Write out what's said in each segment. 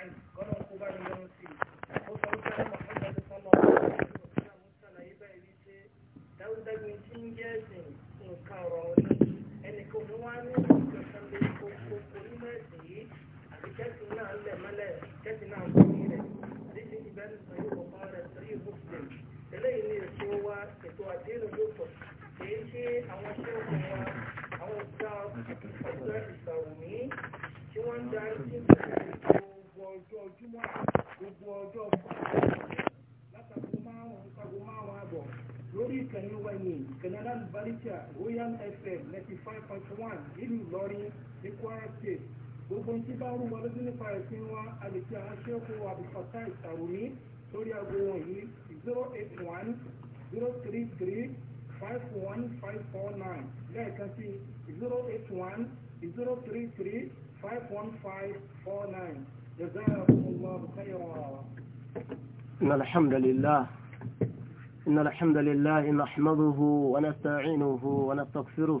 عنه قال وقبان يوم الدين five point ní Kwara State gbogbo ní bá rú wọn lójú nípa ẹ̀sìn wa a lè àbùkọ́tà ìtàrùmí sórí aago wọ̀nyí zero eight one zero three three five one five four nine lẹ́ẹ̀kan sí zero eight one zero three three five one five four nine جزاكم الله خيرا إن الحمد لله إن الحمد لله نحمده ونستعينه ونستغفره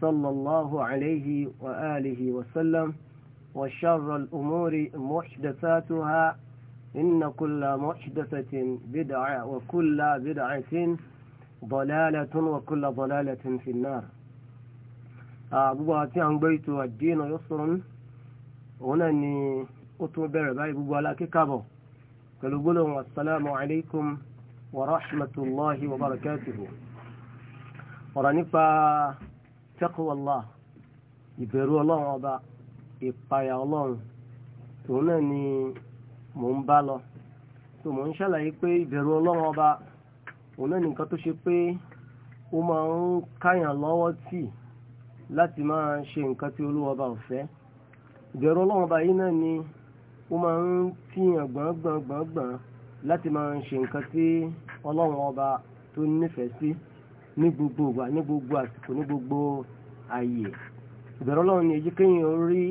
صلى الله عليه وآله وسلم وشر الأمور محدثاتها إن كل محدثة بدعة وكل بدعة ضلالة وكل ضلالة في النار أبواتي عن بيت الدين يسر هنا أني أتوبر باي بوالاك كابو كالقولهم السلام عليكم ورحمة الله وبركاته ورنفا taqwallah ìbẹ̀rù ọlọ́run ọba ìpayà ọlọ́run tòun náà ni mò ń bá lọ tó mò ń ṣàlàyé pé ìbẹ̀rù ọlọ́run ọba òun náà nìkan tó ṣe pé ó máa ń káyàn lọ́wọ́ tì láti máa ṣe nǹkan tí olúwa ọba ò fẹ́ ìbẹ̀rù ọlọ́run ọba yìí náà ni ó máa ń tìyàn gbọ̀ngbọ̀ngbọ̀ngbọ̀n láti máa ṣe nǹkan tí ọlọ́run ọba tó nífẹ̀ẹ́ sí. Si ní gbogbo ìgbà ní gbogbo àsìkò ní gbogbo ààyè ìbẹ̀rù ọlọ́run ni èyí kéèyàn rí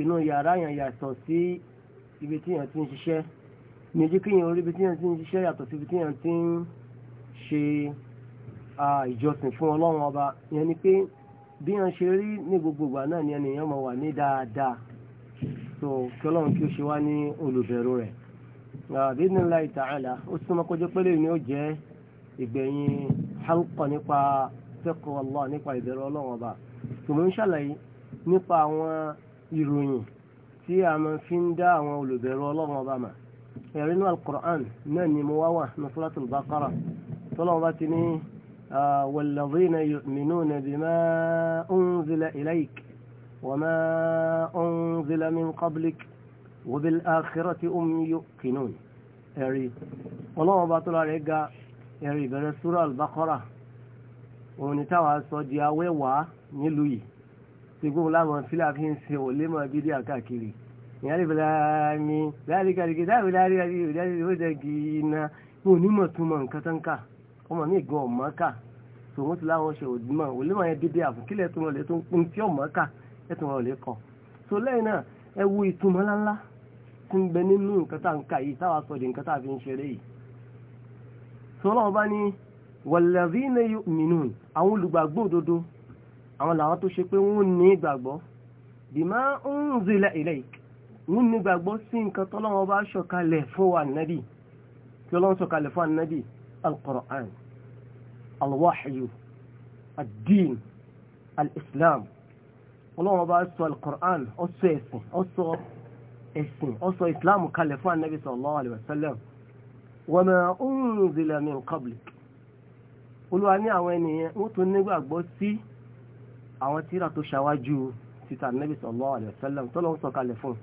inú yàrá yẹn yàtọ̀ sí ibi tí yẹn ti ń ṣiṣẹ́ ní èyí kéèyàn rí ibi tí yẹn ti ń ṣiṣẹ́ yàtọ̀ sí ibi tí yẹn ti ń ṣe ìjọsìn fún ọlọ́run ọba yẹn ni pé bí yẹn ṣe rí ní gbogbo ìgbà náà ni ẹnìyàn máa wà ní dáadáa so kí ọlọ́run kí ó ṣe wá ní olùbẹ̀rù rẹ̀ àbí nílá ìtàhálà ó súnmọ́ kọjá pẹ́lẹ́ ni ó jẹ́ ìgbẹ̀yìn halqa nípa fẹ́kọ̀ọ́ Allah nípa ìbẹ̀rù ọlọ́run ọba tòmọ́ ń ṣàlàyé nípa àwọn ìròyìn tí a máa fi ń dá àwọn olùbẹ̀rù ọlọ́run ọba mà ẹ̀rí inú al náà ni mo wá wà ní Suratul Baqara tọ́lọ́run bá ti ní والذين يؤمنون بما أنزل إليك وما أنزل من قبلك وبالآخرة هم يوقنون ẹ̀rí ọlọ́run ọba tó lára ẹ̀ ga ẹ̀rì ìbẹ̀rẹ̀ sura al-Baqara òun ni táwa sọ di awẹ́wàá nílùú yìí tí gbogbo láwọn fílà fi ń ṣe òlé bídíà káàkiri ìyá lè bẹ̀rẹ̀ mi láàrin kàdìkì táwọn láàrin kàdìkì ìdájọ́ ìwé dẹ́gì iná pé onímọ̀ tó mọ nǹkan tán kà ọmọ mi gan ọmọ kà tòun ti láwọn ṣe òdìmọ̀ òlímọ̀ yẹn bídíà fún kílẹ̀ tó rọlẹ̀ tó ń pin tí ọmọ kà ẹ̀ tó rọlẹ̀ kọ̀ so lẹ́yìn náà ẹ wo ìtumọ̀ ńláńlá tí ń bẹ nínú nǹkan tá à ń kà yìí táwa sọ di nǹkan tá a fi ń ṣeré yìí sọlọ́wọ́ bá ní walladhina yu'minun àwọn olùgbàgbọ́ òdodo àwọn làwọn tó ṣe pé wọ́n ní ìgbàgbọ́ bima unzila ilayk wọ́n ní ìgbàgbọ́ sí nǹkan tọ́lọ́wọ́ bá sọ̀kalẹ̀ fún ànábì tí ọlọ́wọ́ sọ̀kalẹ̀ fún ànábì al-Qur'an al-wahyu ad bá sọ al-Qur'an ọsọ ẹ̀sìn ọsọ islam kalẹ̀ fún ànábì sallallahu wa ma unzila min qablik olúwa ní àwọn ènìyàn wọ́n tún nígbàgbọ́ sí àwọn tíra tó ṣáwájú títà nẹ́bí sallallahu alaihi wasallam tọ́lọ́ ń sọ̀kalẹ̀ fún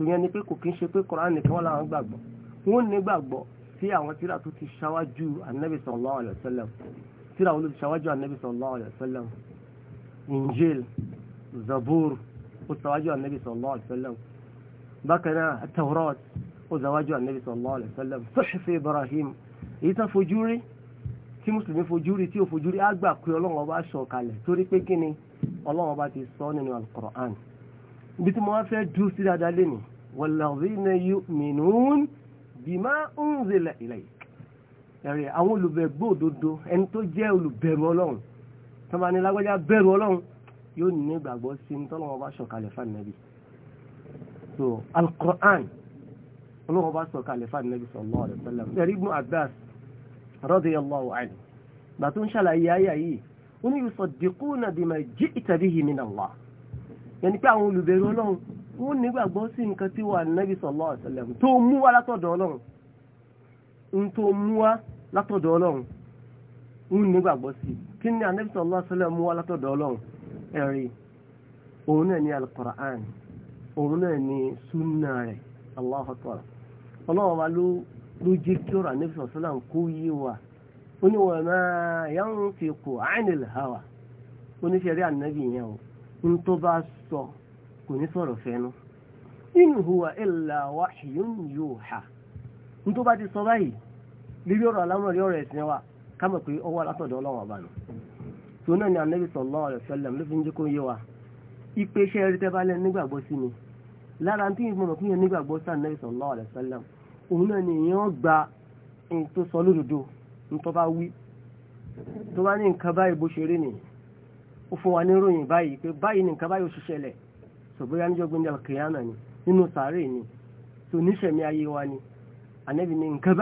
un ìyẹn ni pé kò kí ń ṣe pé Kùránì nìkan wọn làwọn gbàgbọ́ wọ́n nígbàgbọ́ sí àwọn tíra tó ti ṣáwájú ànẹ́bí sallallahu alaihi wasallam tíra wọn ló ti ṣáwájú Injil Zabur ó ṣáwájú ànẹ́bí sallallahu alaihi wasallam bákan náà ó zawájú ànábì sallallahu alaihi wasallam sọ́ṣẹ́fẹ́ Ibrahim èyí tá fojú rí tí mùsùlùmí fojú rí tí ó fojú rí á gbà pé ọlọ́run ọba sọ kalẹ̀ torí pé kí ni ọlọ́run ọba ti sọ nínú al-Qur'an ibi tí mo wá fẹ́ dúró sí dáadáa lé ní wallazina yu'minun bima unzila ilayk ẹ̀rẹ̀ àwọn olùbẹ̀gbọ́ òdodo ẹni tó jẹ́ olùbẹ̀rù ọlọ́run tó lágbájá bẹ̀rù ọlọ́run yóò ní ìgbàgbọ́ sí ní tọ́lọ́wọ́ bá sọ̀kalẹ̀ fún ànábì so al ọlọ́run bá sọ kalẹ̀ fún anabi sallallahu alaihi wasallam ẹ̀rí ibn abbas radiyallahu anhu gbà tó ń ṣàlàyé ayà yìí ó ní yusaddiquna bima ji'ta bihi min Allah yẹn ni pé àwọn olùbẹ̀rù ọlọ́run wọ́n nígbàgbọ́ sí nǹkan tí wà nabi sallallahu alaihi wasallam tó mú wa látọ̀dọ̀ ọlọ́run ń tó mú wa látọ̀dọ̀ ọlọ́run ń nígbàgbọ́ sí kí òun náà ni al òun náà ni sunna rẹ̀ Allahu akbar ọlọ́run wa ló ló jẹ́ kí ọ̀rọ̀ àníbi sọ̀sọ́ náà kó yé wa ó ní wọ́n ya yá ń fi kò àìníl hawa ó ní ṣẹ̀rí ànábì yẹn o ń tó bá sọ kò ní sọ̀rọ̀ fẹ́nu huwa ń tó bá ti sọ báyìí lílé ọ̀rọ̀ alámọ̀rí ọ̀rọ̀ ẹ̀sìn wa pé ọwọ́ alátọ̀dọ̀ ọba nù tó náà ni ànábì sallallahu alaihi wasallam ló fi ń jẹ́ kó yé wa lára tí mo mọ̀ kí yẹn nígbàgbọ́ sáà Nabi ni èèyàn gba ẹni tó sọ lódodo ní tó bá wí tó bá ní nǹkan báyìí bó ṣe rí nìyí ó fún wa ní ròyìn báyìí ni nínú sàárè ni tó níṣẹ̀mí ayé wa ni ànẹ́bí ni ni ó ṣe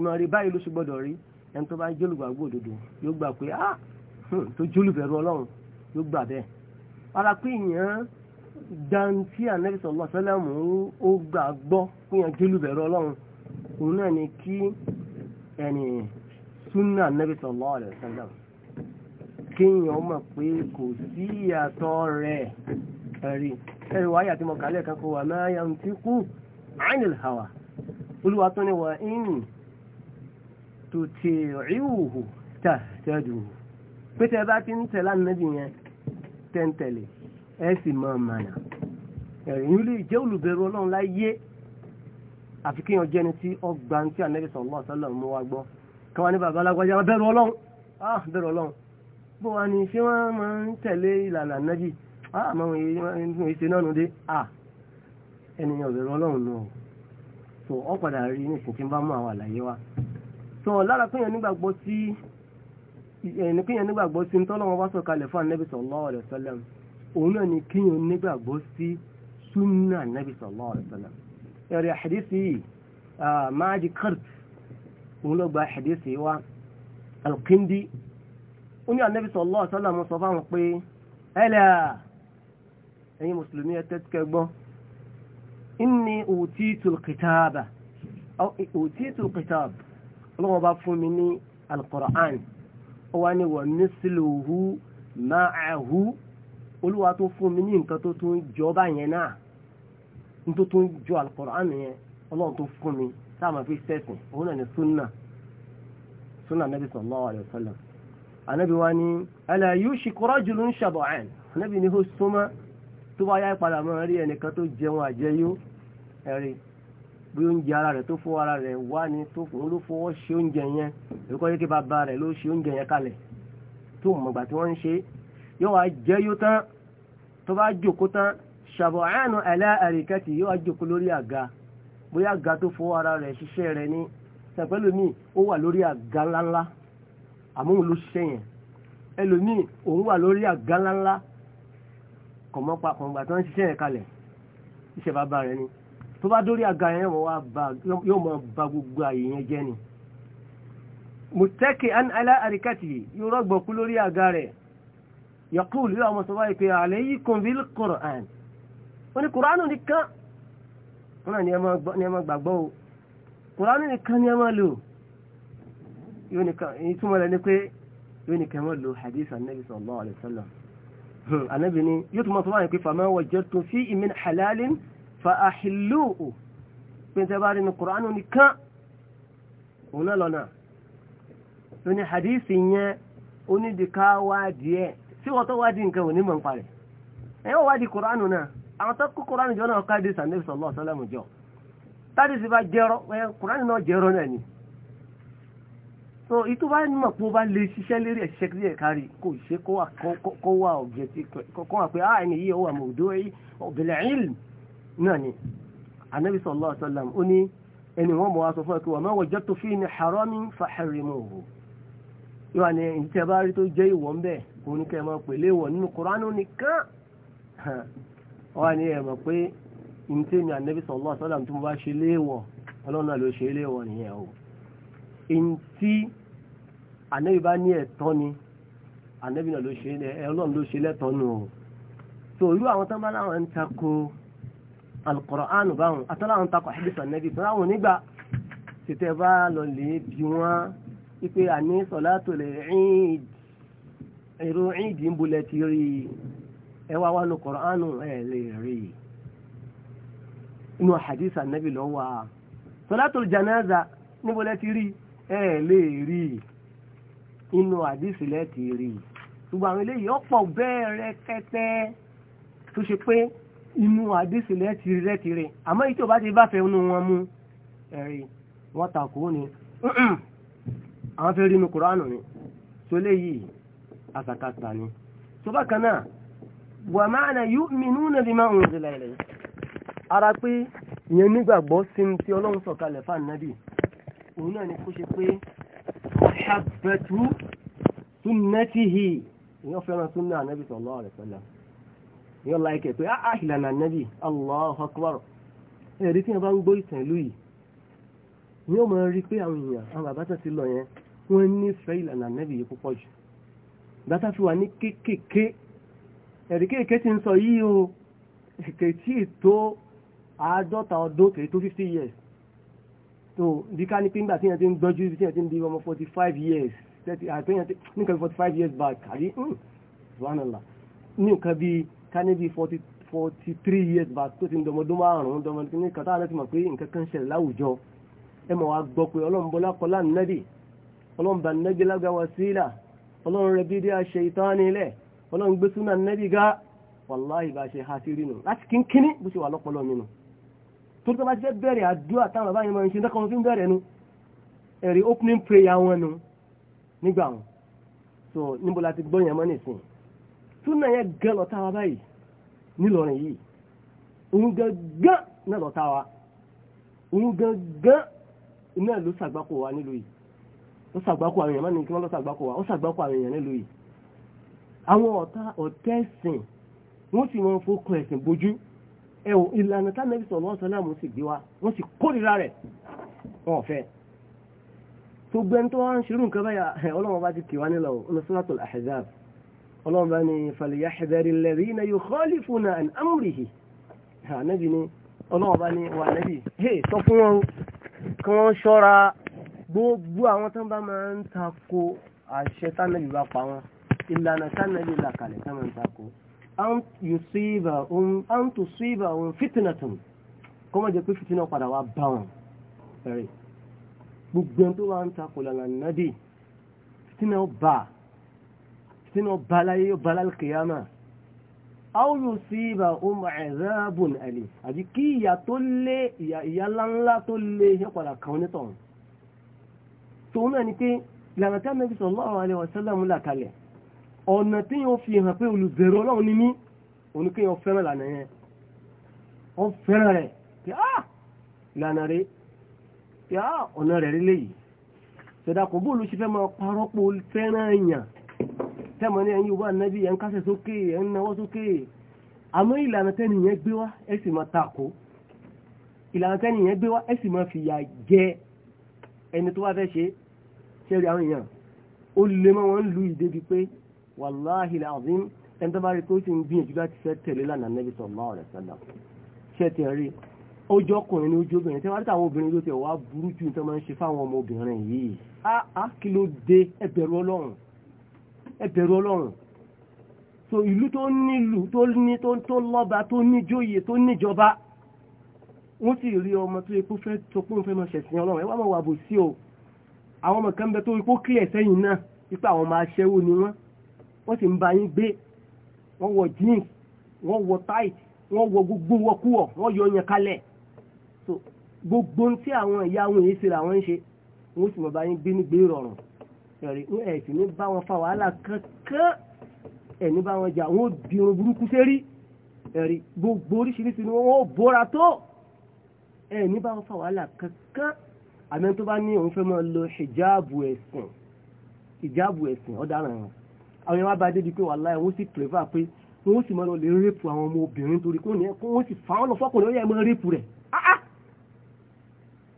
máa rí báyìí ló ṣe gbọ́dọ̀ rí ẹni tó bá jẹ́ olùgbàgbọ́ òdodo yóò gbà pé ah, dantí anabi sọlọ sẹlẹmù ó gbà gbọ́ fúnyàn jólúbẹ̀rẹ̀ ọlọ́run òun náà ni kí ẹni súnà anabi sọlọ rẹ sẹlẹmù kéèyàn mọ̀ pé kò sí ìyàtọ̀ rẹ̀ ẹ̀rí ẹ̀rí wáyà tí mo kà lẹ́ẹ̀kan kó wà máa yà ń tí kú ánìl hàwà olúwa tó ní wà ń tó ti ríhùhù tà tẹ́dù pété bá ti ń tẹ̀lá nàbì yẹn tẹ́ntẹ̀lẹ̀ ẹ sì mọ mànà ẹ̀yìn lè jẹ́ olùbẹ̀rù ọlọ́run láyé àfi kéèyàn jẹ́ni tí ọgbà ń tí ànẹ́bí sallallahu alaihi wasallam mú wa gbọ́ kí wọ́n ní bàbá alágbájá bẹ̀rù ọlọ́run ah bẹ̀rù ọlọ́run bó wa ni ṣé wọ́n máa ń tẹ̀lé ìlànà ànábì ah àmọ́ ìwọ̀n ìṣe náà nù dé ah ènìyàn bẹ̀rù ọlọ́run nù so ọ padà rí nísìnyí tí ń bá mú àwọn àlàyé wa so lára kéèyàn nígbàgbọ́ sí ẹni kéèyàn nígbàgbọ́ sí ń tọ́lọ́wọ́ wá sọ̀kalẹ̀ fún ànẹ́bí sallallahu alaihi wasallam òun náà ni kíyàn nígbàgbọ́ sí súnà nàbì sallallahu alaihi wasallam ẹ̀rẹ̀ àdìsí máàjì kurt òun ló gba àdìsí wa alkindi ó ní ànábì sallallahu alaihi wasallam sọ fáwọn pé ẹlẹ́ ẹ̀yin mùsùlùmí ẹ tẹ́tíkẹ́ gbọ́ inni utitul kitaba utitul kitab ọlọ́wọ́ bá fún mi ní alqur'an ó wá ní wa misluhu ma'ahu olúwa tó fún mi ní nǹkan tó tún jọ báyẹn náà ní tó tún jọ alukoran yẹn ọlọ́run tó fún mi táwọn fi sẹ́sìn òun náà ní wa wa ni ala yushiku rajulun shaba'an anabi ni ó súnmọ́ tó bá yá ìpadà mọ́ rí ẹnìkan tó jẹun àjẹyó ẹ̀rí bí oúnjẹ ara rẹ̀ tó fọ́ ara rẹ̀ wá ní tó fún ló fọwọ́ ṣe oúnjẹ yẹn èkó yẹ kí bàbá rẹ̀ yóò wá jẹ́ yóò tán tó bá jòkó tán ṣàbọ̀ánù aláàríkẹ́tì yóò wá jòkó lórí àga bóyá àga tó fọwọ́ ara rẹ̀ ṣiṣẹ́ rẹ̀ ní sẹ̀pẹ́lú mi ó wà lórí àga ńláńlá àmóhun ló ṣiṣẹ́ yẹn ẹlòmíì òun wà lórí àga ńláńlá kọ̀mọ́pa kọ̀mọ́gbà tó ń ṣiṣẹ́ yẹn kalẹ̀ iṣẹ́ bàbá rẹ̀ ni tó bá dórí àga yẹn yóò mọ ba gbogbo àyè yẹn jẹ́ ni mùtẹ́kì aláàríkẹ́tì yóò rọ̀gbọ̀kú lórí àga rẹ̀ yaqul yóò àwọn sọ́wọ́ ìpè alaykum bil Qur'an wọ́n ní kùránù nìkan wọ́n náà ni ẹ máa gbàgbọ́ o kùránù nìkan ni ẹ máa lò yóò nìkan èyí túmọ̀ rẹ̀ ni pé yóò nìkan máa lò hadith anabi sallallahu alayhi wa sallam anabi ni yóò túmọ̀ sọ́wọ́ ìpè fama wajadtum fihi min halalin fa ahilluhu pé tẹ́ bá rí ni kùránù nìkan òun náà lọ́nà lóní hadith yẹn onídìíká wá díẹ̀ tí wọ́n tó wádìí nǹkan ò ní mọ̀ ń parẹ̀ ẹ̀yìn wádìí kùránù náà àwọn tó kó kùránù jọ náà káàdì sàmẹ́sì sallallahu alaihi wasallam jọ táàdì sì bá jẹrọ kùránù náà jẹrọ náà ni so ìtú bá ní mọ̀ pé ó bá lè ṣiṣẹ́ lérí ẹ̀ṣẹ́ kí ẹ̀ kárí kò ṣe kó wà kó wà objective kó wà pé ah ẹni yìí ó wà mọ̀ọ́dọ́ bil ilm sallallahu alaihi wasallam ó ní ẹni wọ́n mọ̀ wá sọ fún ẹ pé wa ma wajadtu fihi haramin òun ní kẹ́ ẹ máa pè léwọ̀ nínú Kùránù nìkan wọ́n ní ẹ mọ̀ pé ìntẹ́mi ànẹ́bí sallallahu alaihi wasallam tí mo bá ṣe léwọ̀ ọlọ́run náà ló ṣe léwọ̀ nìyẹn o ìntí ànẹ́bí bá ní ẹ̀tọ́ ni ànẹ́bí náà ló ṣe ọlọ́run ló ṣe lẹ́tọ́ nù o so irú àwọn tán bá láwọn ń takò alukọ̀rọ̀ánù báwọn àtàláwọn ń takò àdìsàn ànẹ́bí tó láwọn nígbà tètè bá lọ lè bí wọn ipe àní sọ̀látò lè rìn èrò ìdí ń bolẹ̀ ti rí i ẹ wá wá nu kọ̀ránù ẹ lè rí i inú hadith anabi lọ wá sọlátùl janaza níbo lẹ ti rí ẹ lè rí i inú hadith lẹ ti rí i ṣùgbọ́n àwọn eléyìí ọ̀pọ̀ bẹ́ẹ̀ rẹ kẹ́tẹ́ tó ṣe pé inú hadith lẹ ti rí rẹ ti rí àmọ́ èyí bá ti bá fẹ́ nu wọn mú ẹ̀rí wọ́n takò ó ni àwọn fẹ́ rí inú kọ̀ránù ni tó léyìí. àsàkásà ni tó bá ma yu'minuna bima unzila ilayhi ara pé ìyẹn nígbàgbọ́ sí ti tí ọlọ́run sọ̀kalẹ̀ fáànù nabi bì òun náà ni kó ṣe pé ṣàbẹ̀tú sunnatihi èèyàn fẹ́ràn súnmọ́ ànábì sallallahu alaihi wasallam èèyàn láìkẹ̀ na ah, áá ah, ìlànà ànábì Allahu akbar ẹ̀rí tí wọ́n bá ń ni ó máa pe pé àwọn èèyàn àwọn bàbá tó ti lọ yẹn ilana nífẹ̀ẹ́ gbátá fi wà ní kékèké ẹ̀rí kéèké ti ń sọ yìí o kètí tó àádọ́ta ọdún kètí tó fifty years tó bí ká ní pé nígbà tí yẹn ti ń gbọ́jú bí yẹn ti ń di ọmọ forty five years thirty àti yẹn nǹkan bí forty years back àbí hmm, subhanallah ní nǹkan bí ká ní bí forty years back tó ti ń dọmọdún márùn-ún dọmọdún ní kàtà àti mọ̀ pé nǹkan kan ṣẹlẹ̀ láwùjọ ẹ mọ̀ wá gbọ́ pé ọlọ́mbọlá kọlá nẹ́bì ọlọ́mbà nẹ́bì ọlọ́run rẹ̀ bídí àṣẹ ìtàn ilẹ̀ ọlọ́run gbé súnà nẹ́bí ga wàláhì bá ṣe ha sí rí nù láti kínkínní bó ṣe wà lọ́pọ̀lọ́ mi nù tó tó bá ti fẹ́ bẹ̀rẹ̀ àdúrà táwọn bàbá yẹn máa ń ṣe dákọ̀ wọn bẹ̀rẹ̀ nu ẹ̀rí opening prayer wọn nu nígbà wọn so níbo la ti gbọ́ yẹn mọ́ nìsín súnà yẹn gẹ́ lọ́ta wa báyìí nílọrin yìí òun gangan náà lọ́ta wa òun gangan náà ló ṣàgbákò wa nílùú yìí ó sàgbákò àwọn èèyàn má ní kí wọ́n lọ sàgbákò wa ó sàgbákò àwọn èèyàn nílùú yìí àwọn ọ̀tá ọ̀tẹ́ ẹ̀sìn wọ́n sì wọn fókun ẹ̀sìn bójú ẹ̀wọ̀ ìlànà tá nẹ́bí sọ̀rọ̀ ọ̀sán náà mo sì gbé wa wọ́n sì kórìíra rẹ̀ wọn ò fẹ́ tó gbẹ́ni tó wá ń ṣerú nǹkan báyà ọlọ́run bá ti kì wá nílọ ọ̀nà suratul ọlọ́run bá ní gbogbo àwọn tó ń bá máa ń takò àṣẹ tánàbí bá pa wọn ìlànà tánàbí làkàlẹ̀ tó máa ń takò an tó síbà òun fìtìnà tòun kó má jẹ́ pé fìtìnà padà wá bá wọn ẹ̀rẹ̀ gbogbo tó máa ń takò lànà nàbì fìtìnà bá fìtìnà bá láyé bá lálùkìyàmà aw yusiba um azabun ali àbí kí ìyà tó lé ìyà ńláńlá tó lé yẹ́ padà kàn onítọ̀hún tòun náà ni pé ìlànà tí Ànábì sallallahu alaihi wasallam là kalẹ̀ ọ̀nà tí yóò fi hàn pé olùbẹ̀rù ọlọ́run ni mí òun kí yóò fẹ́ràn lànà yẹn ọ fẹ́ràn rẹ̀ pé á ah! ìlànà rẹ̀ pé á ah! ọ̀nà rẹ̀ rí léyìí ṣẹ̀dá kò bóòlù ṣe fẹ́ máa parọ́pọ̀ fẹ́ràn èèyàn tẹ́mọ̀ ní ẹ̀yìn ìwà Ànábì ẹ̀ ń kásẹ̀ sókè ẹ̀ ń nawọ́ sókè àmọ́ ìlànà tẹ́nìyàn gbé wá ẹ̀ sì máa tako ìlànà tẹ́nìyàn gbé wá ẹ̀ sì máa fìyà jẹ ẹni tó wá fẹ́ ṣe ṣẹ́rí àwọn èèyàn ó lè mọ́ wọn lù ìdè bíi pé wàláhì làzim ẹni tó bá rí pé ó ti ń gbìyànjú láti fẹ́ tẹ̀lé lánàá nẹ́bí sallallahu alaihi wasallam ṣẹ́ ti rí ojú ọkùnrin ní ojú obìnrin tẹ́wàá tàwọn obìnrin ló tẹ̀ wá burú jù tó máa ń ṣe fáwọn ọmọ obìnrin yìí á kí ló dé ẹ ọlọ́run ẹ ọlọ́run so ìlú tó nílùú tó ní tó lọ́ba tó níjóyè tó wọ́n sì rí ọmọ tó yẹ kó fẹ́ tó pé òun fẹ́ máa ṣẹ̀sìn ọlọ́run ẹ wá máa wà bò sí o àwọn ọmọ kan bẹ tó yẹ kó kílẹ̀ sẹ́yìn náà ipa àwọn ọmọ aṣẹ́wó ni wọ́n wọ́n sì ń ba yín gbé wọ́n wọ jeans wọ́n wọ tight wọ́n wọ gbogbo wọkúwọ̀ wọ́n yọ yẹn kalẹ̀ so gbogbo tí àwọn ìyá àwọn èyí ṣera àwọn ń ṣe wọ́n sì mọ̀ bá yín gbé nígbé rọrùn ẹ̀rí ní ẹ̀sìn ní bá wọn fa wàhálà kankan ẹ̀ní bá wọn jà wọ́n di irun burúkú sérí ẹ̀rí gbogbo oríṣiríṣi ni wọ́n bóra tó ẹ ní bá ń fa wàhálà kankan àmì tó bá ní òun fẹ́ máa lo hijabu ẹ̀sìn hijabu ẹ̀sìn ọ̀daràn wọn àwọn yẹn wá bá débi pé wàhálà wọn sì pèlèfà pé wọn sì máa lọ lè rẹ́pù àwọn ọmọ obìnrin torí kó nìyẹn kó wọn sì fà wọn lọ fọkùnrin ó yẹ máa rẹ́pù rẹ̀ áá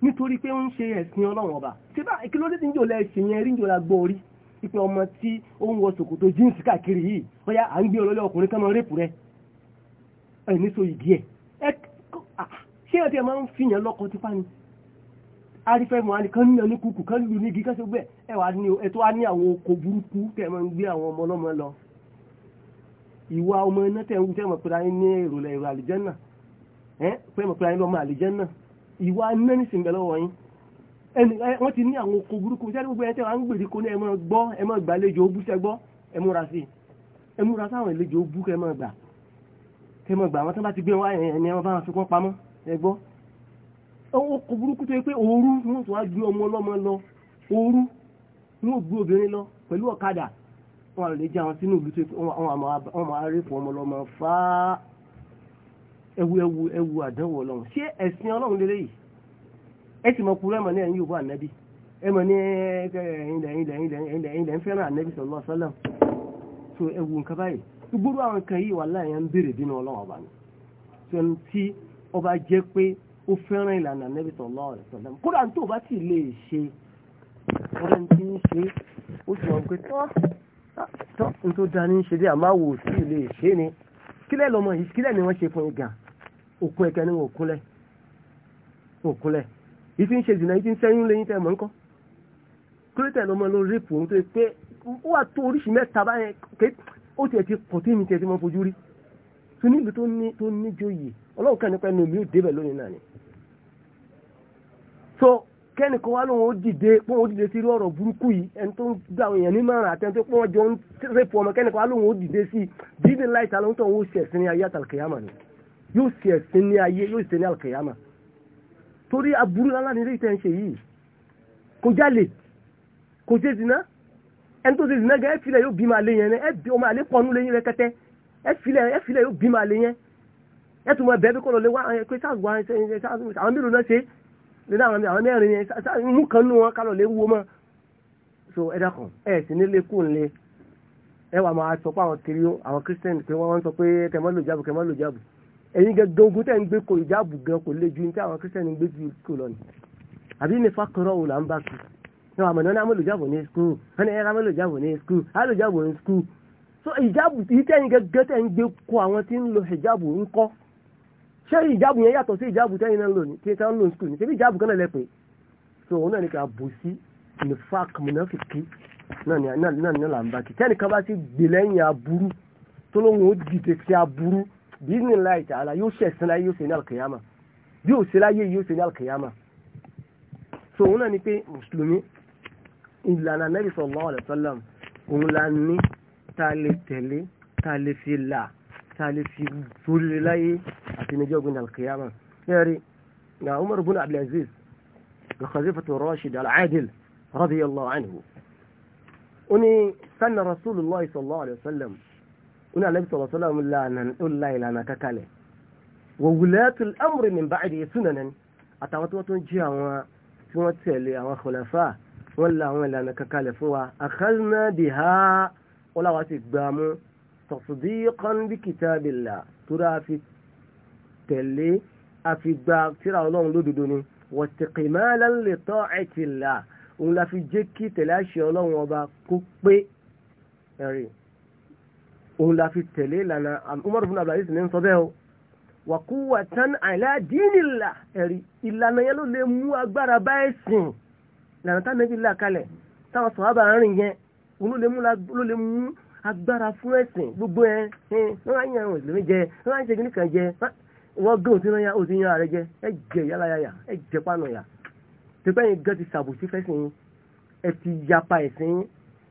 nítorí pé ń ṣe ẹ̀sìn ọlọ́run ọba síbá kí ló dé tí ń jò lẹ ẹ̀sìn yẹn rí ń jò la gbọ́ orí ipe ọmọ tí ó ń wọ ṣòkòtò jíǹsì káàkiri yìí ó à ń gbé ọlọ́lẹ́ ọkùnrin kan máa rẹ́pù rẹ̀ ẹ̀ ní so ìdí ẹ̀ ṣé ẹ̀ tí ẹ máa ń fi yàn lọ́kọ̀ tipa ni arífẹ́ mọ̀ àníkan níyàn ní kùkù kan lù ní igi kan tó gbẹ ẹ wà ní ẹ tó wá ní àwọn oko burúkú tẹ̀ máa ń gbé àwọn ọmọ ọlọ́mọ lọ ìwà ọmọ iná tẹ̀ ń wú tẹ̀ mọ̀ pé láyé ní ìrọ̀lẹ́ ìrọ̀ àlìjẹ́nà ẹ pé mọ̀ pé láyé lọ́mọ àlìjẹ́nà ìwà iná ní sìnbẹ̀ lọ́wọ́ yín ẹni wọ́n ti ní àwọn oko burúkú sẹ́ni gbogbo ẹ̀ tẹ̀ wá ń gbèdéko ní ẹ máa gbọ́ ẹ máa ni wọ́n bá wọn fi ẹgbọ́ ọwọ́ kò burúkú tó yẹ pé òru ní wọ́n tún wá gbé ọmọ ọlọ́mọ lọ òru ní wọ́n gbé obìnrin lọ pẹ̀lú ọ̀kadà wọn lè jẹ́ àwọn sínú ìlú tó pé wọ́n máa rí fún ọmọ ọlọ́mọ ẹwu ẹwu ẹwu àdánwò ọlọ́run ṣé ẹ̀sìn ọlọ́run lélẹ́ yìí mọ̀ ní ẹ̀yìn yorùbá ànábì ní ẹ̀yìn ni ó bá jẹ́ pé ó fẹ́ràn ìlànà Ànábì sallallahu alaihi wasallam kódà tó o bá sì lè ṣe ọ̀rẹ́ ní ti ń ṣe ó jọ pé tọ́ tọ́ n tó da ní ṣe dé àmọ́ sí lè ṣe ni kílẹ̀ lọ́mọ yìí kílẹ̀ ni wọ́n ṣe fún ìgà òkun ẹ̀kẹ́ ni wọ́n kúnlẹ̀ wọ́n kúnlẹ̀ yìí ti ń ṣe zìnà yìí ti ń sẹ́yìn lẹ́yìn tẹ̀ mọ́ ńkọ́ kílẹ̀ lọ́mọ ló rí pò ń tó pé ó wà tó oríṣi mẹ́ta báyẹn ó tiẹ̀ ti pọ̀ tí mi tiẹ̀ ti mọ́ fojú rí tó níbi tó ní tó ọlọ́run kàn nípa ẹnu mi ò débẹ̀ lónìí náà ni. so kẹ́ni kan wá lóun ó dìde pé òun ó dìde sí irú ọ̀rọ̀ burúkú yìí ẹni tó ń gba àwọn èèyàn nímọ̀ràn àti ẹni tó pé wọ́n jọ ń rẹ́pù ọmọ kẹ́ni kan wá lóun ó dìde sí dídì láìta lóun tó ń wọ́n ṣe ẹ̀sìn ní ayé àtàlùkẹ́yàmà ni yóò ṣe ẹ̀sìn ní ayé yóò ṣe ní àlùkẹ́yàmà torí aburú ńlá ni ilé ìtẹ̀ ń ṣe yìí kò jálè kò ẹ tún mọ bẹ́ẹ̀ bí kò lọlé wá pé sáàgbọ́ àwọn mélòó náà ṣe lédè àwọn àwọn mẹ́rin yẹn mú kan nù wọn kálọ̀ lé wúwo mọ́ so ẹ dákun ẹ sì nílé kù nílé ẹ wà máa sọ pé àwọn kiri àwọn Christian pé wọ́n sọ pé kẹmọ́ lò jáàbù kẹmọ́ lò jáàbù ẹ̀yin gẹ́gẹ́ ogun tẹ́ ń gbé kò ìjáàbù gan kò lé ju ní tí àwọn Christian ń gbé ju kò lọ ni àbí ní fakọrọ wò là ń bá kú ní ní wọ́n á lòjáàbò ṣé ìjáàbù yẹn yàtọ̀ sí ìjáàbù tẹ́yìn náà ń lò ní tí táwọn ń lò ní skul ní ṣé bí ìjáàbù kan náà lẹ so òun náà ní ká bù sí nifak munafiki náà ní là ń bá kí tẹ́nì kan bá ti gbè lẹ́yìn aburú tó lóun ó dìde sí aburú bíní láì tààlà yóò ṣẹ̀ sí láyé yóò ṣe ní alkiyama bí ò sí láyé yóò ṣe ní alkiyama so òun náà ní pé mùsùlùmí ìlànà Nabi sallallahu alaihi wasallam òun la ní tá a lè fi sóríire láyé àti níjọ́ gbin alkiyama fẹ́ẹ̀rí na umar bin abdulaziz ga khazifatu rashid al-adil radiyallahu anhu ó ní sanna rasulullah sallallahu alayhi wa sallam ó ní anabi sallallahu alayhi wa sallam lànà ìlànà kakalẹ̀ wa wulatul amri min ba'di sunanan àtàwọn tó tún jí àwọn tí wọ́n tẹ̀lé àwọn khulafa wọ́n la àwọn ìlànà kakalẹ̀ akhadna biha wọ́n láwọn ti tasdiqan bi kitabillah torí a fi tẹ̀lé a fi gba tírà ọlọ́run lódodo ni wastiqmalan li ta'atillah òun la fi jẹ́ kí tẹ̀lé àṣẹ ọlọ́run ọba kó pé ẹ̀rí òun la fi tẹ̀lé ìlànà Umar ibn Abdul Aziz ní sọ bẹ́ẹ̀ o wa quwwatan ala dinillah ẹ̀rí ìlànà yẹn ló lè mú agbára bá ẹ̀sìn ìlànà táwọn ẹbí là kalẹ̀ táwọn sọ̀rọ̀ bá ń rìn yẹn òun ló lè mú agbára fún ẹ̀sìn gbogbo ẹ wọ́n á yan àwọn ìlú jẹ wọ́n á ń ṣe kí nìkan jẹ wọ́n gé òtún yan òtún yan ààrẹ jẹ ẹ jẹ yálàyàyà ẹ jẹ pàánù yà pípẹ́ yẹn gẹ́ ti ṣàbòsí fẹ́sìn yín ẹ ti yapa ẹ̀sìn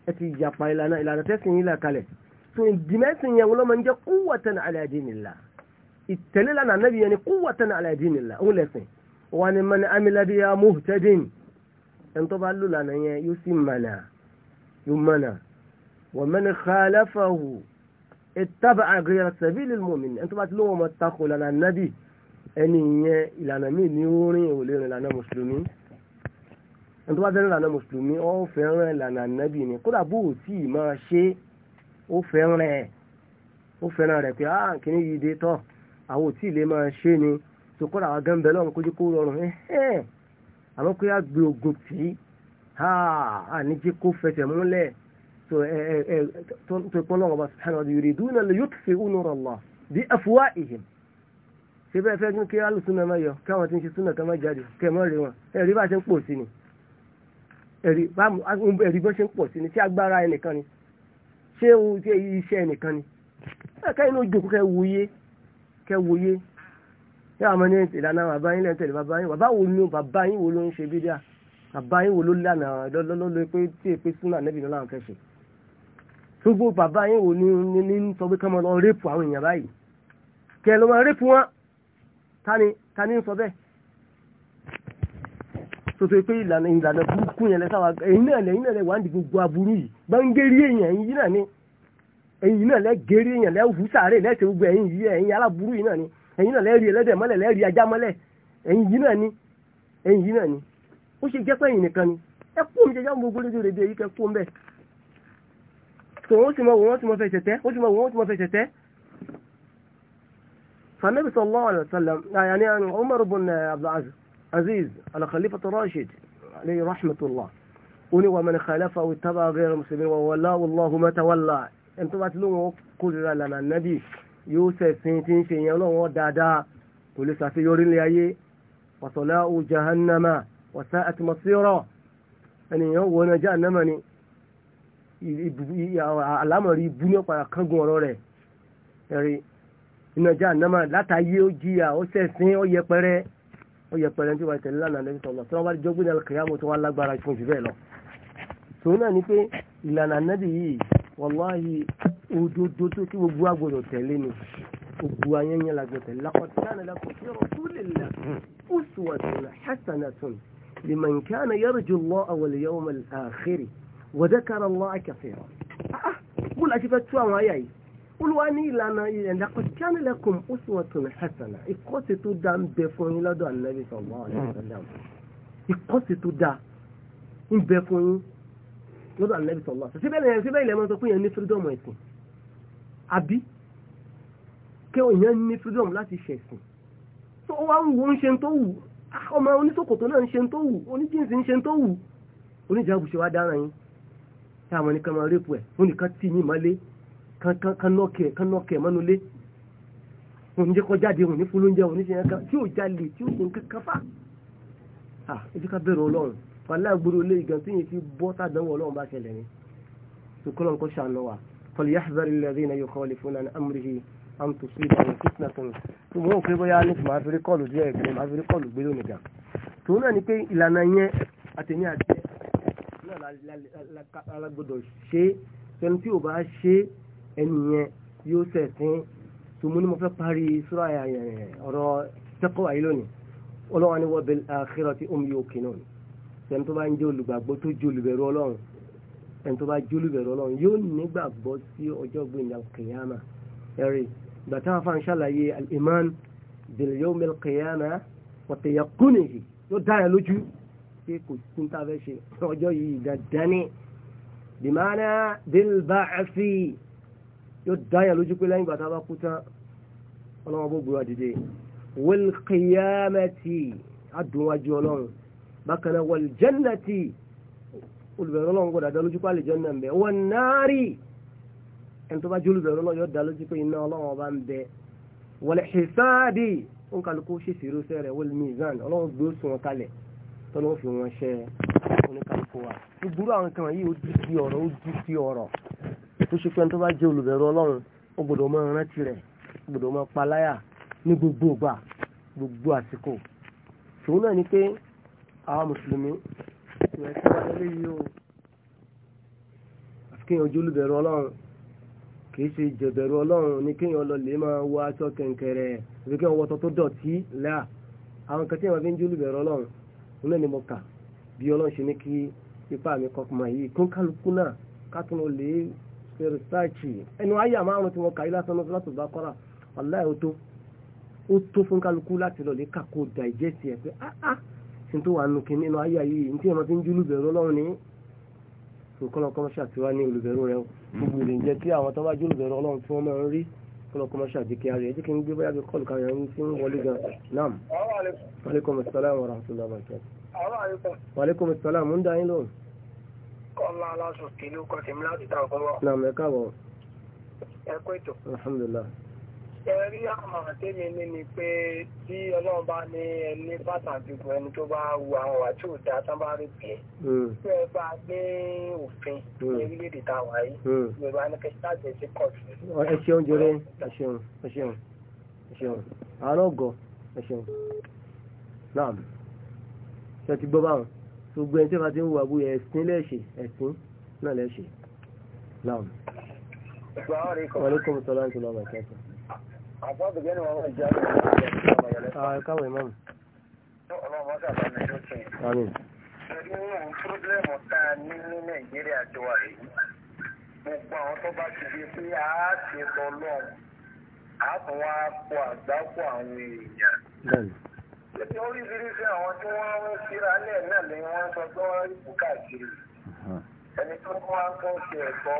ẹ ti yapa ìlànà ìlànà tẹ́sìn yín là kalẹ̀ tún ìdìmẹ́sìn yẹn wọ́n lọ́mọ ń jẹ́ kúwọ̀tẹ́nì aláàdínìlá ìtẹ̀lélànà anábì yẹn ni kúwọ̀tẹ́nì aláàdínìlá òun lẹ̀sìn wọn ni mọ́ni amílẹ́bíyà muhtadin ẹni tó bá lò lànà yẹn yóò sì mọ̀nà yóò mọ̀nà ومن خالفه اتبع غير سبيل المؤمن انتم بتلوموا ما تاخوا لنا النبي ẹni yẹn ìlànà míì ní orin ò lè rìn ìlànà mùsùlùmí ẹni tó bá fẹ́ràn ìlànà mùsùlùmí ó fẹ́ràn ìlànà nábì ni kódà bó ò tí ì máa ṣe ó fẹ́ràn ẹ̀ ó fẹ́ràn rẹ̀ pé ah kìíní yìí dé tọ̀ àwọn ò tí ì lè máa ṣe ni tó kódà wá gán bẹ́ẹ̀ lọ́run kójú kó rọrùn ẹ̀hẹ́n àmọ́ pé á gbé ogun tì í ha àníjí kó fẹsẹ̀ múlẹ̀ تقول الله سبحانه وتعالى يريدون ليطفئوا نور الله بأفواههم síbẹ̀ fẹ́ kí á lù súnà máa yọ káwọn ti ń ṣe súnà kan máa jáde kẹmọ́ rí wọn ẹ̀rí bá ṣe ń pọ̀ sí ni ẹ̀rí bá ṣe ń pọ̀ sí ni ṣé agbára ẹnìkan ni ṣé ohun tí iṣẹ́ ẹnìkan ni ẹ̀ka inú jòkó kẹ wòye kẹ wòye ṣé àwọn ní ìlànà bàbá yín lẹ́yìn tẹ̀lé bàbá yín bàbá wo ni bàbá yín wo ló ń ṣe bídíà bàbá yín wo ló lànà lọ́lọ́lọ́ pé tí èpè súnà nẹ́bí ni láwọn fẹ́ ṣe ṣùgbọ́n bàbá yín wò ní ní sọ pé kọ́mọ lọ rẹ́pù àwọn èèyàn báyìí kẹ ló máa rẹ́pù wọn tani tani ń sọ bẹ́ẹ̀ tòtò pé ìlànà ìlànà burúkú yẹn lẹ́sà wa ẹ̀yin náà lẹ́yìn náà lẹ́ wà ń di gbogbo aburú yìí gbàǹgẹ́rì èèyàn yìí náà ni ẹ̀yin náà lẹ́ gẹ́rì èèyàn lẹ́ wù sáré lẹ́sẹ̀ gbogbo ẹ̀yin yìí ẹ̀yin aláburú yìí náà ni ẹ̀yin náà lẹ́ rí ẹlẹ́dẹ̀ mọ́lẹ̀ lẹ́ rí ajá mọ́lẹ̀ ẹ̀yin yìí náà ni ẹ̀yin yìí náà ni ó ṣe ni ẹ kó oúnjẹ jáwọ́ gbogbo lójú rẹ̀ bí èyí so wọ́n ti mọ wọ́n ti mọ fẹ́ ṣẹ̀tẹ́ wọ́n ti mọ wọ́n ti mọ fẹ́ ṣẹ̀tẹ́ فالنبي صلى الله عليه وسلم يعني عمر بن عبد العزيز عزيز الخليفة الراشد عليه رحمة الله قولي ومن خالفه اتبع غير المسلمين وولاه الله ما تولى انتم باتلون قل لنا النبي يوسف سنتين شيئا لهم دادا قل سافيور لأيه وصلاء جهنم وساءت مصيره يعني هو نجا نمني àlámọ̀rí ibú ní ọ̀padà kángun ọ̀rọ̀ rẹ̀ ẹ̀rí iná já látàyé ó jìyà ó sẹ̀sìn ó yẹpẹrẹ ó yẹpẹrẹ tí tẹ̀lé lánàá lẹ́yìn tọ̀lọ̀ tí wọ́n bá jọ́ gbé ní alùkìyàmù tó lágbára fún jù bẹ́ẹ̀ lọ. tòun náà ni pé ìlànà ànábì yìí wàláhì òdodo tó kí gbogbo agbọ́dọ̀ tẹ̀lé ni gbogbo ayẹyẹ la gbọ́dọ̀ tẹ̀lé laqad kana وذكر الله كثيرا قل أجبت شو أي olùwání ìlànà ìrẹ̀dà لقد كان لكم أسوة حسنة، tó دم ń bẹ النبي صلى الله عليه وسلم، alaihi wasallam ìkọ́sí tó dá ń bẹ fún yín lọ́dọ̀ ànábì sallallahu alaihi wasallam síbẹ̀ lẹ́yìn síbẹ̀ ilẹ̀ máa sọ pé yẹn ní freedom ẹ̀sìn àbí kí òyìn ní freedom láti ṣẹ̀sìn tó wá ń wo ń ṣe tó wù ah, ọmọ oníṣòkòtò náà ń ṣe tó wù oníjíǹsì ń ṣe tó wù oníjàbùṣe wa dára yín tí àwọn nìkan máa rẹ́pù ẹ̀ wọ́n nìkan tì yín mọ́lé kánọ́kẹ̀ kánọ́kẹ̀ mọ́nulé wọ́n ní jẹ́ kọ́ jáde wọ́n ní fún lóúnjẹ wọ́n ní ṣe yankan tí ò jalè tí ò kún kankan fà á ẹ jẹ́ ká bẹ̀rù ọlọ́run wàhálà gbòòrò lé ìgàn tí yìí fi bọ́ sádánwò ọlọ́run bá ṣẹlẹ̀ ni sùkúrọ̀ nǹkan ṣàánú wa فليحذر الذين يخالفون عن أمره أن تصيبهم فتنة ثم alágbọ́dọ̀ ṣe ẹni tí ò bá ṣe ẹni yẹn yóò sẹ̀sìn tòmú ni mo fẹ́ parí sura ọ̀rọ̀ taqwa yìí lónìí ọlọ́wọ́n ni wọ́n bẹ akhirati hum yuqinun ẹni tó bá ń jẹ́ olùgbàgbọ́ tó jẹ́ olùbẹ̀rù ọlọ́run ẹni tó bá jẹ́ olùbẹ̀rù ọlọ́run yóò nígbàgbọ́ sí ọjọ́ gbìyànjú kìyàmà ẹ̀rí gbàtà àfa ń ṣàlàyé al-iman bil yawmil qiyamah wa tayaqunihi yóò dára lójú pé kò tún tá a fẹ́ ṣe ọjọ́ yìí dandan ni bìmánà bílbà àfi yóò dáyà lójú pé lẹ́yìn bàtà bá kú tán ọlọ́run bó gbúra dìde wal qiyamati adùnwájú ọlọ́run bákan náà wal jannati olùbẹ̀rẹ̀ ọlọ́run gbọ́dọ̀ dá lójú pé àlùjánnà ń bẹ wan nari ẹni tó bá jẹ́ olùbẹ̀rẹ̀ ọlọ́run tọ́nà ó fi wọn ṣe oníkàlùkù wa ìgbúrú àwọn kan yìí ó di sí ọ̀rọ̀ ó di sí ọ̀rọ̀ tó ṣe pé tó bá jẹ́ olùbẹ̀rù ọlọ́run ó gbọ́dọ̀ máa rántí rẹ̀ ó gbọ́dọ̀ máa paláyà ní gbogbo ìgbà gbogbo àsìkò ṣòun náà ni pé àwọn mùsùlùmí ìwẹ̀ tí wọ́n lé yìí ó kéèyàn ojú olùbẹ̀rù ọlọ́run kì í ṣe jẹ̀bẹ̀rù ọlọ́run ní kéèyàn lọ lè máa wọ aṣọ kẹ̀kẹ̀rẹ̀ àbí kéèyàn wọ́tọ̀ tó dọ̀tí láà àwọn kan tí wọ́n fi ń jú ọlọ́run náà ni mo kà bí ọlọ́run ní kí ipá mi kọ́ yìí kún kálukú náà kátó ló lè ṣe rìsáàchì ẹnu ayé àmárùn tí mo kà yìí lásán láti bá kọ́ra ó tó ó tó fún kálukú láti lọ lè dàìjẹ́sì ẹ̀ pé áá ah, ah, ṣe tó wà ayé ayé kọ́nà kọ́mọ́ ṣàjẹ́ kí a rẹ̀ jẹ́ kí n gbé báyà bí kọ́lù káyọ̀ ń fi ń wọlé gan nam. aleykum salaam wa rahmatulah bàtà. aleykum salaam ń dá yín lóhùn. kọ́lá aláṣọ kìlú kọ́sìmílá ti ta ọ̀pọ̀ wọ. ẹ kó ètò. alhamdulilah ẹ̀rí àmọ̀ràn tèmi ní ni pé tí ọlọ́run bá ní ẹni pàtàkì fún ẹni tó bá wu àwọn wà tí ò dá tán bá rí pé hmm. tí ẹ bá gbé òfin ní hmm. orílẹ̀-èdè tá a wà yìí yorùbá hmm. ní kẹsí láti ẹsẹ̀ kọ̀ọ̀tù. ẹ ṣeun jọrọ ẹ ṣeun ẹ ṣeun ẹ ṣeun àárọ̀ ọ̀gọ̀ ẹ ṣeun náà ṣe ti gbọ́ báwọn gbogbo ẹni tí wọ́n ti ń wo àbúyẹ ẹ̀sìn lẹ́ẹ̀ṣẹ̀ ẹ̀sìn náà lẹ́ẹ̀ṣẹ̀ náà. Wa alaikum salaam wa rahmatullahi wa barakatuh. Àkáwé mọ́ mi. Àmín. Torí òun pírọ́blẹ́mù tá a ní ní Nàìjíríà ti wà yìí. Gbogbo àwọn tó bá di pé a ti lọ lọ́hùn, a tún wá pọ̀ àgbákò àwọn èèyàn. Bẹ́ẹ̀ni. Oríṣiríṣi àwọn tí wọ́n ń fira lẹ̀ náà ni wọ́n sọ ṣe ẹ̀kọ́.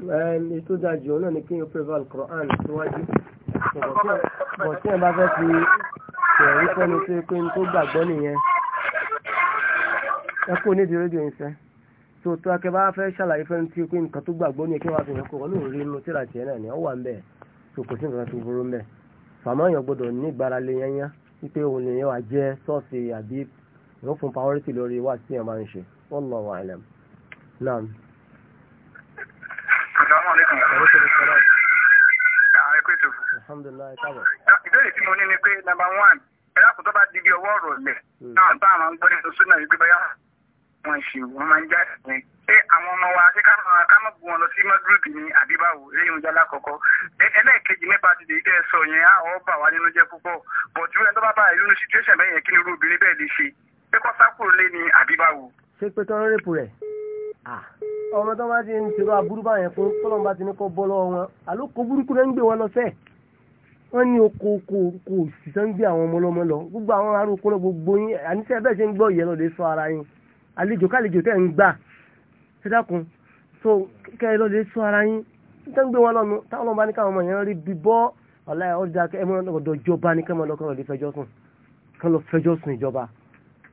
ètò ìdájú ọ̀nà ni kí n pèvà alukur'an síwájú bọ̀ tí ẹ bá fẹ́ fi ẹ̀rí fẹ́ni tó pé n tó gbàgbọ́ nìyẹn ẹ kú nídìí rédíò yìí sẹ́ tó tó akẹ́bá fẹ́ ṣàlàyé fẹ́ni tó pé nǹkan tó gbàgbọ́ nìyẹn kí wọ́n fi hàn kó wọ́n lóun rí inú tíra tiẹ̀ náà ni ó wà ń bẹ̀ tó kò sí nǹkan tó burú ń bẹ̀ fàmọ́ èèyàn gbọ́dọ̀ ní ìgbára lé yányá wípé òun lè wà jẹ́ sọ́ọ̀sì àbí ìrọ́fún pàwọ́rẹ́tì lórí wá sí ẹ̀ máa ń ṣe wallahu a'lam naam ìbéèrè tí mo ní ni pé nàmbà wán ẹ̀rọ àkùtọ́ bá di bí ọwọ́ ọ̀rọ̀ lẹ̀ hmm. náà bá àwọn gbọ́dọ̀ tó sún náà wípé báyà wọn ń já ìpín ṣé àwọn ọmọ wa ṣé ká má bu wọn lọ sí madrid ní àdìbáwò eléyìí oúnjẹ alákọ̀ọ́kọ́ ẹlẹ́ẹ̀kejì nípa ti dèjì tẹ́ sọ yẹn á ọ́ bà wá nínú jẹ́ púpọ̀ bọ̀dú ẹni tó bá bá ìlú ní situation bẹ́ẹ̀ yẹn kí ni irú obìnrin bẹ́ẹ̀ lè ṣe pé kọ́ sákúrò rẹ̀ ọmọ tó bá ti ń tèrò aburú báyẹn fún tọ́lọ́mù bá ti ní kọ́ bọ́ lọ́wọ́ wọn àló kó burúkú náà ń gbé wọn lọ fẹ́ wọ́n ní oko oko oko òṣìṣẹ́ ń gbé àwọn ọmọ ọlọ́mọ lọ gbogbo àwọn ará oko gbogbo yín àníṣe bẹ́ẹ̀ ṣe ń gbọ́ ìyẹn lọ́dẹ sọ ara yín àlejò kálejò tẹ̀ ń gbà ṣẹ́dákun so kẹ́ ẹ lọ́dẹ sọ ara yín tẹ́ ń gbé wọn lọ́nu táwọn ọmọ bá ní káwọn ọmọ yẹn rí bí bọ́ ọ̀la ẹ̀ ọ́ dáa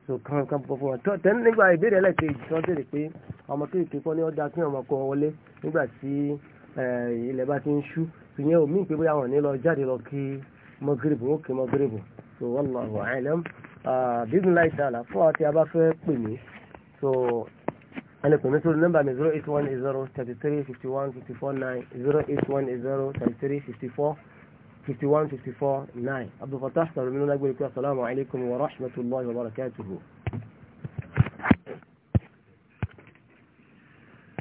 so kan kan púpọ̀ fún wa tó tẹ́ni nígbà ìbéèrè ẹlẹ́kẹ̀ẹ́jì tí wọ́n béèrè pé ọmọ kéèké kọ́ ni ó da kí ọmọ kan wọlé nígbà tí ilẹ̀ bá ti ń ṣú ìyẹn omi ìpè bóyá wọn ní lọ jáde lọ kí mọ́gírìbù ó kí mọ́gírìbù so wallahu a'lam bíbí láì dáàlà fún wa tí a bá fẹ́ pè mí so ẹni pè mí sórí nọ́mbà mi zero eight one zero thirty three fifty one fifty four nine zero eight one zero thirty three fifty four. 51 54 9 عبد الفتاح صار منو نقول السلام عليكم ورحمة الله وبركاته